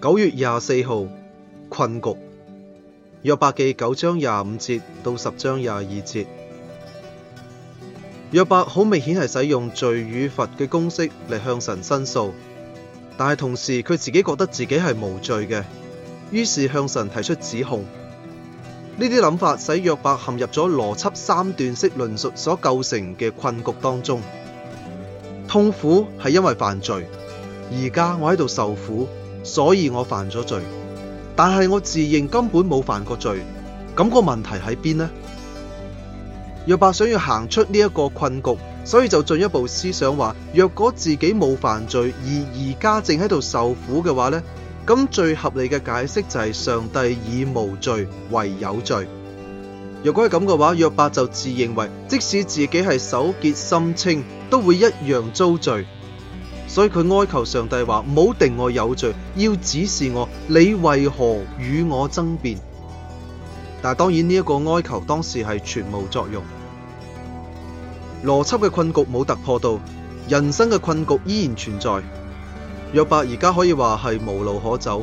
九月廿四號，困局。約伯記九章廿五節到十章廿二節，約伯好明顯係使用罪與罰嘅公式嚟向神申訴，但係同時佢自己覺得自己係無罪嘅，於是向神提出指控。呢啲諗法使約伯陷入咗邏輯三段式論述所構成嘅困局當中。痛苦係因為犯罪，而家我喺度受苦。所以我犯咗罪，但係我自認根本冇犯過罪，咁、那個問題喺邊呢？約伯想要行出呢一個困局，所以就進一步思想話，若果自己冇犯罪而而家正喺度受苦嘅話呢，咁最合理嘅解釋就係上帝以無罪為有罪。若果係咁嘅話，約伯就自認為即使自己係手潔心清，都會一樣遭罪。所以佢哀求上帝話，唔好定我有罪，要指示我，你為何與我爭辯？但係當然呢一個哀求當時係全無作用，邏輯嘅困局冇突破到，人生嘅困局依然存在。約伯而家可以話係無路可走，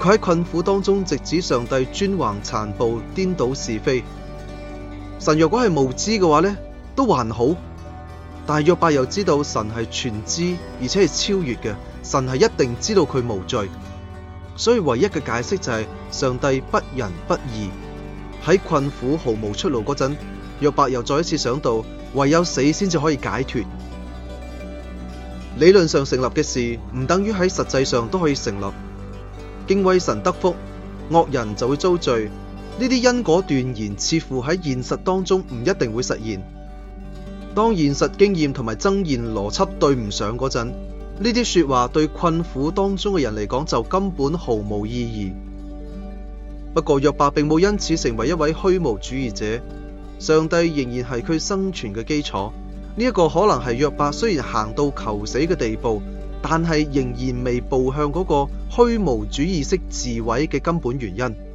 佢喺困苦當中直指上帝專橫殘暴、顛倒是非。神若果係無知嘅話呢都還好。但係約伯又知道神係全知而且係超越嘅，神係一定知道佢無罪，所以唯一嘅解釋就係、是、上帝不仁不義。喺困苦毫無出路嗰陣，約伯又再一次想到唯有死先至可以解脱。理論上成立嘅事唔等於喺實際上都可以成立。敬畏神得福，惡人就會遭罪。呢啲因果斷言似乎喺現實當中唔一定會實現。當現實經驗同埋箴言邏輯對唔上嗰陣，呢啲說話對困苦當中嘅人嚟講就根本毫無意義。不過約伯並冇因此成為一位虛無主義者，上帝仍然係佢生存嘅基礎。呢、這、一個可能係約伯雖然行到求死嘅地步，但係仍然未步向嗰個虛無主義式自毀嘅根本原因。